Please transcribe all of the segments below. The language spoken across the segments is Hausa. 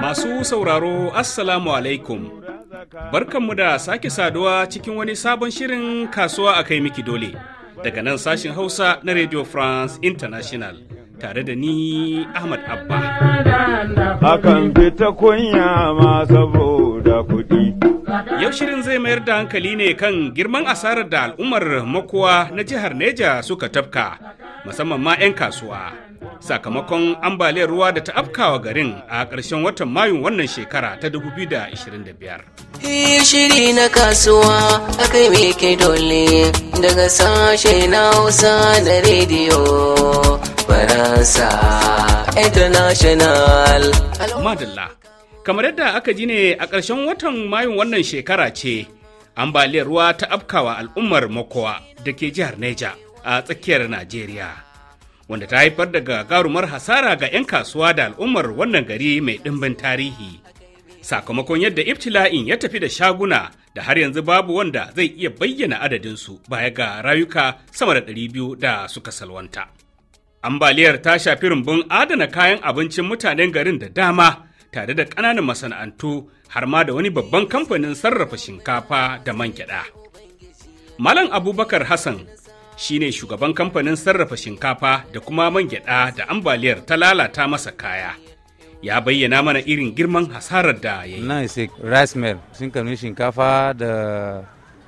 Masu sauraro, Assalamu alaikum. Barkanmu da sake saduwa cikin wani sabon shirin kasuwa a kai miki dole. Daga nan sashin Hausa na Radio France International. Tare da ni Ahmad Abba. Akan fita kunya ma saboda kuɗi. Yau shirin zai mayar da hankali ne kan girman asarar da al'ummar makuwa na jihar Neja suka tafka, musamman ma 'yan kasuwa. Sakamakon ambaliyar ruwa da ta afkawa garin a ƙarshen watan Mayu wannan shekara ta 2025. Eh, shiri na kasuwa akai me daga sashe na Hausa da rediyo Faransa International. Madalla. kamar yadda aka ji ne a ƙarshen watan mayun wannan shekara ce ambaliyar ruwa ta afkawa al'ummar makowa da ke jihar neja a tsakiyar najeriya wanda ta haifar da gagarumar hasara ga 'yan kasuwa da al'ummar wannan gari mai ɗimbin tarihi sakamakon yadda ibtila'in ya tafi da shaguna da har yanzu babu wanda zai iya bayyana adadinsu baya ga rayuka sama da ɗari biyu da suka salwanta ambaliyar ta shafi rumbun adana kayan abincin mutanen garin da dama tare da ƙananan masana'antu har ma da wani babban kamfanin sarrafa shinkafa da man gyaɗa. Malam Abubakar Hassan shi ne shugaban kamfanin sarrafa shinkafa da kuma man gyaɗa da ambaliyar ta lalata masa kaya. ya bayyana mana irin girman hasarar da ya yi. Nan sai rice mill sun kanu shinkafa da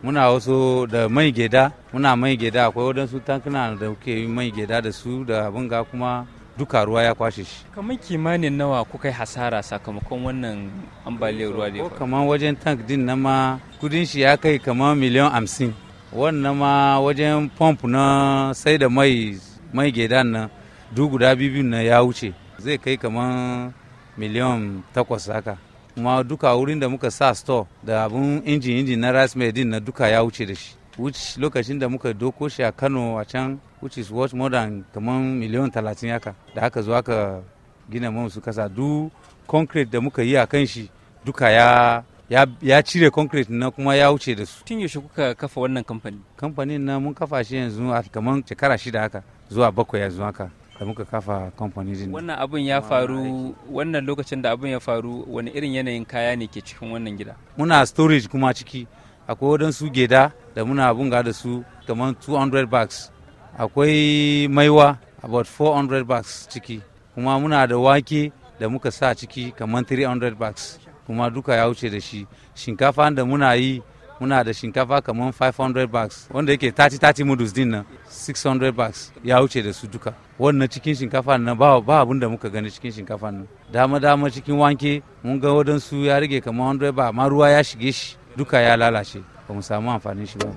muna wasu da mai geda muna mai geda akwai waɗansu tankuna da kuke mai geda da su da abin ga kuma duka ruwa ya kwashe shi kamar kimanin nawa kuka yi hasara sakamakon wannan ambaliyar ruwa da ya kamar wajen tank din na ma kudin shi ya kai kamar miliyan hamsin wannan ma wajen pomp na sai da mai mai gedan nan guda biyu na ya wuce zai kai kamar miliyan takwas haka kuma duka wurin da muka sa store da abun injin injin na rice din na duka ya wuce da shi which lokacin da muka doko shi a kano a can which is worth more than kamar miliyan talatin yaka da aka zo aka gina mamu su kasa du concrete da muka yi a kan shi duka ya ya, ya cire concrete na kuma ya wuce da su tun yaushe kuka kafa wannan kamfani kamfanin na mun kafa shi yanzu a kamar shekara shida haka zuwa bakwai yanzu haka da muka kafa kamfani din wannan abin ya faru wannan lokacin da abin ya faru wani irin yanayin kaya ne ke cikin wannan gida muna storage kuma ciki akwai waɗansu geda da muna bunga da su kamar 200 bags akwai maiwa about 400 bags ciki kuma muna da wake da muka sa ciki kamar 300 bags kuma duka ya wuce da shi shinkafa da muna yi muna da shinkafa kamar 500 bags wanda yake 30-30 mudus din nan 600 bags ya wuce da su duka wannan cikin shinkafa nan ba, ba abin da muka gani cikin shinkafa nan dama dama cikin wanke mun ga wadansu ya rage kamar 100 ba ma ruwa ya shige shi duka ya lalace ba mu samu amfanin shi ba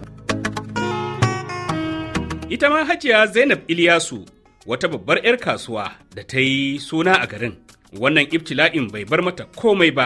ita ma hajiya zainab iliyasu wata babbar 'yar kasuwa da ta yi suna a garin wannan ibtila'in bai bar mata komai ba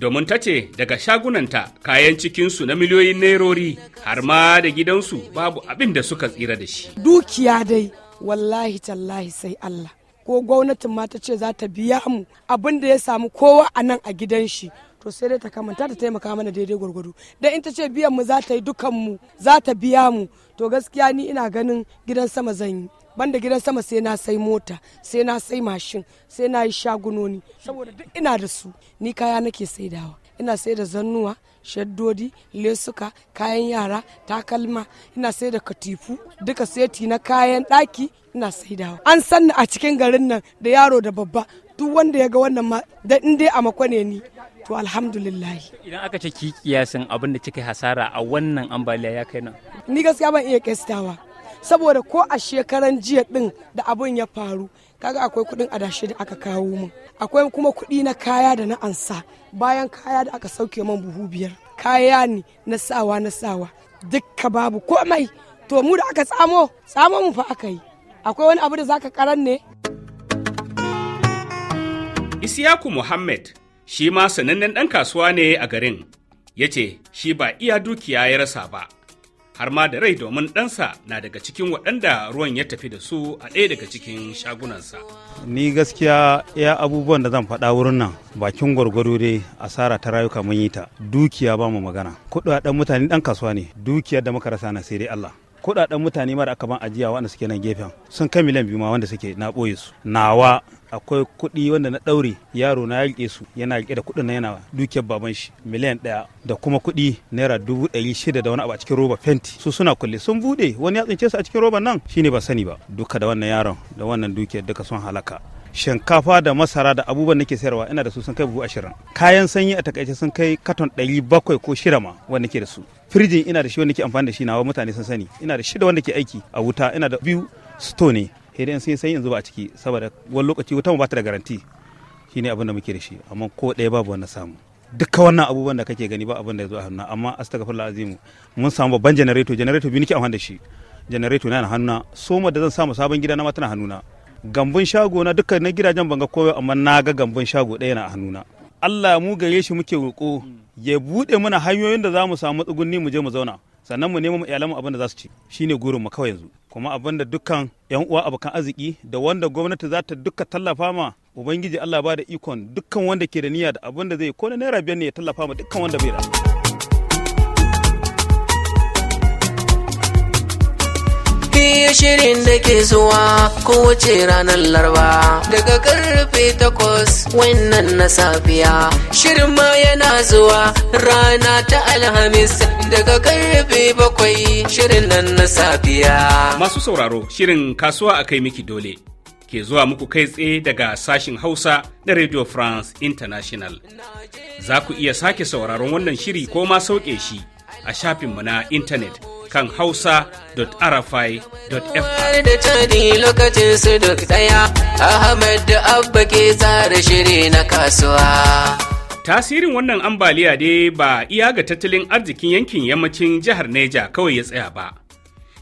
domin ta ce daga shagunanta kayan cikinsu na miliyoyin nairori har ma da gidansu babu abin da suka tsira da shi dukiya dai wallahi tallahi sai allah ko gwamnatin ma ta ce za ta biya mu abin da ya samu kowa a nan a gidan shi to sai dai ta kamanta ta taimaka mana daidai gwargwado dan in ta ce biyan mu za ta yi dukan mu za ta biya mu to gaskiya ni ina ganin gidan sama zan yi banda gidan sama sai na sai mota sai na sai mashin sai na yi shagunoni saboda duk ina da su ni kaya nake saidawa ina sai da zannuwa shaddodi lesuka kayan yara takalma ina sai da katifu duka seti na kayan ɗaki ina saidawa an sanna a cikin garin nan da yaro da babba duk wanda ya ga wannan ma da in dai a makwane ni to alhamdulillah idan aka ce ki kiyasin abin da kika hasara a wannan ambaliya ya kai nan ni gaskiya ban iya kestawa saboda ko a shekaran jiya din da abun ya faru kaga akwai kudin adashi da aka kawo min akwai kuma kudi na kaya da na ansa bayan kaya da aka sauke man buhu biyar kaya ne na sawa na sawa dukka babu komai to mu da aka tsamo tsamo mu fa aka yi akwai wani abu da zaka karanne. Isiyaku Muhammad shi ma sanannen ɗan kasuwa ne a garin, ya ce shi ba iya dukiya ya rasa ba, har ma da rai domin ɗansa na daga cikin waɗanda ruwan ya tafi da su a ɗaya daga cikin shagunansa. Ni gaskiya ya abubuwan da zan faɗa wurin nan bakin gwargwado dai asara ta rayuka mun yi ta dukiya ba mu magana. ɗan mutane ɗan kasuwa ne dukiya da muka rasa na sai dai Allah. kudaden mutane mara aka ban ajiya wanda suke nan gefen sun kai miliyan biyu ma wanda suke na boye su nawa akwai kuɗi wanda na ɗaure yaro na ya su yana riƙe da kuɗin na yana dukiyar baban shi miliyan ɗaya da kuma kuɗi naira dubu ɗari shida da wani abu a cikin roba fenti su suna kulle sun buɗe wani ya tsince su a cikin roban nan shine ba sani ba duka da wannan yaron da wannan dukiyar duka sun halaka shinkafa da masara da abubuwan nake sayarwa ina da su sun kai buhu ashirin kayan sanyi a takaice sun kai katon ɗari bakwai ko shirama wanda ke da su firijin ina da shi wanda ke amfani da shi nawa mutane sun sani ina da shida wanda ke aiki a wuta ina da biyu sto ne sai dai sai yanzu ba a ciki saboda wani lokaci wuta ba ta da garanti ne abin da muke da shi amma ko ɗaya babu wannan samu duka wannan abubuwan da kake gani ba abin da ya zo a hannu amma astaghfirullah azimu mun samu babban generator generator biyu nake amfani da shi generator na hannuna soma da zan samu sabon gida na ma tana hannuna gambun shago na dukkan na gidajen banga koyo amma na ga gambun shago ɗaya na a hannuna Allah mu gare shi muke roƙo ya buɗe mana hanyoyin da za mu samu tsugunni mu je mu zauna sannan mu nemo iyalan mu abin da za su ci shine gurin mu kawai yanzu kuma abin da dukkan yan uwa abokan arziki da wanda gwamnati za ta duka tallafa ma ubangiji Allah ba da ikon dukkan wanda ke da niyya da abin da zai ko na naira biyar ne ya tallafa ma dukkan wanda bai da. biyu shirin da ke zuwa kowace ranar laraba daga karfe takwas wannan na safiya shirin ma yana zuwa rana ta alhamis daga karfe bakwai shirin nan na safiya masu sauraro shirin kasuwa a kai miki dole ke zuwa muku kai tsaye daga sashin hausa da radio france international za ku iya sake sauraron wannan shiri ko ma sauke shi a shafinmu na intanet kan hausa.arafai.f da cadi lokacin su duk daya ahmad da abba ke tsara shiri na kasuwa Tasirin wannan ambaliya dai ba iya ga tattalin arzikin yankin yammacin jihar Neja kawai ya tsaya ba,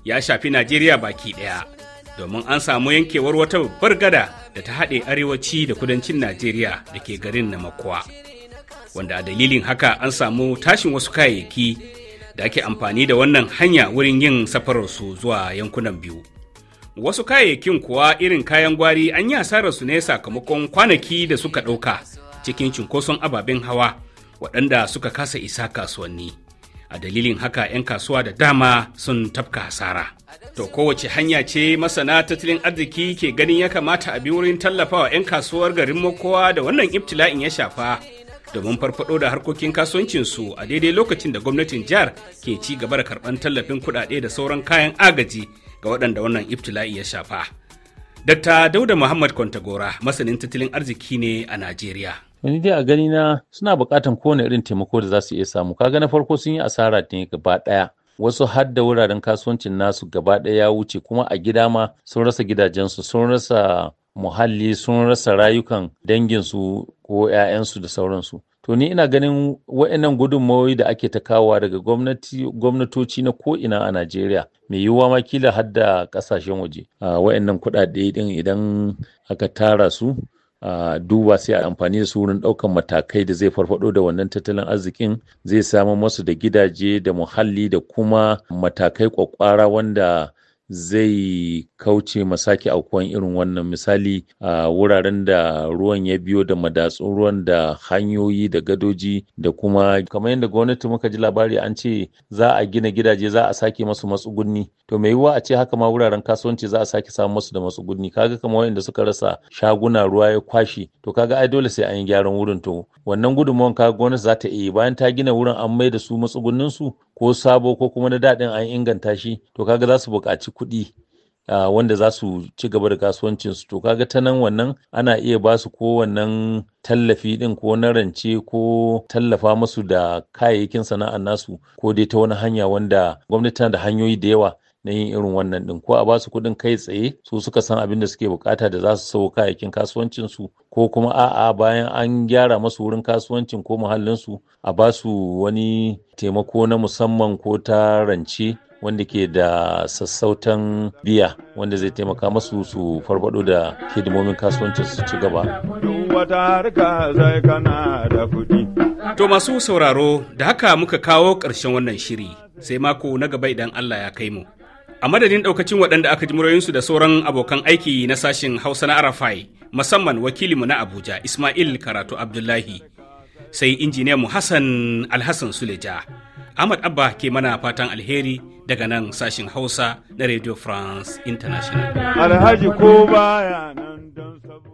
ya shafi Najeriya baki ɗaya, domin an samu yankewar wata babbar gada da ta haɗe arewaci da kudancin Najeriya da ke garin na Namakwa. Wanda a dalilin haka an samu tashin wasu kayayyaki da ake amfani da wannan hanya wurin yin safararsu zuwa yankunan biyu. Wasu kayayyakin kuwa irin kayan gwari an yi asararsu ne sakamakon kwanaki da suka ɗauka cikin cunkoson ababen hawa waɗanda suka kasa isa kasuwanni. A dalilin haka 'yan kasuwa da dama sun tafka hasara. To kowace hanya ce masana tattalin arziki ke ganin ya kamata a bi wurin tallafawa 'yan kasuwar garin Mokowa da wannan ibtila'in ya shafa domin farfado da harkokin kasuwancinsu a daidai lokacin da gwamnatin jihar ke ci gaba da karban tallafin kudade da sauran kayan agaji ga waɗanda wannan iftila'i ya shafa. Dr. Dauda Muhammad Kwantagora masanin tattalin arziki ne a Najeriya. Wani dai a gani na suna buƙatan kowane irin taimako da za su iya samu. Kaga na farko sun yi asara ne gaba ɗaya. wasu har da wuraren kasuwancin nasu gaba ɗaya ya wuce kuma a gida ma sun rasa gidajensu sun rasa muhalli sun rasa rayukan danginsu ko 'ya'yansu da sauransu to ni ina ganin wa'annan gudunmawoyi da ake ta kawowa daga gwamnatoci na ko'ina a najeriya mai yiwuwa ma kila har da kasashen waje wa'annan kuɗaɗe ɗin idan aka tara su a duba sai a amfani da su wurin ɗaukan matakai da zai farfaɗo da wannan tattalin arzikin zai samu masu da gidaje da muhalli da kuma matakai kwakwara wanda zai kauce ma sake aukuwan irin wannan misali a wuraren da ruwan ya biyo da madatsun ruwan da hanyoyi da gadoji da kuma kamar yadda gwamnati muka ji labari an ce za a gina gidaje za a sake masu matsugunni to mai yiwuwa a ce haka ma wuraren kasuwanci za a sake samu masu da matsugunni kaga kamar wanda suka rasa shaguna ruwa ya kwashe to kaga ai dole sai an yi gyaran wurin to wannan gudunmawan kaga gwamnati za ta iya bayan ta gina wurin an mai da su matsugunninsu ko sabo ko kuma na daɗin an inganta shi to kaga za su buƙaci kuɗi wanda za su ci gaba da kasuwancinsu to kaga ta nan wannan ana iya ba su ko wannan tallafi ɗin ko na rance ko tallafa musu da kayayyakin sana'ar nasu ko dai ta wani hanya wanda gwamnati tana da hanyoyi da yawa na yin irin wannan din ko a ba su kuɗin kai tsaye su suka san abin da suke bukata da za su sau kayayyakin kasuwancin su ko kuma a'a bayan an gyara masu wurin kasuwancin ko muhallinsu a ba su wani taimako na musamman ko ta rance wanda ke da sassautan biya wanda zai taimaka masu su farfado da hidimomin kasuwancin su ci gaba. To masu sauraro da haka muka kawo ƙarshen wannan shiri sai mako na gaba idan Allah ya kai mu. A madadin ɗaukacin waɗanda aka ji murayinsu da sauran abokan aiki na sashen Hausa na Arafai musamman wakilinmu na Abuja Ismail Karatu Abdullahi sai mu Hassan Alhassan Suleja. Ahmad Abba ke mana fatan alheri daga nan sashin Hausa na Radio France International. Alhaji ko baya nan don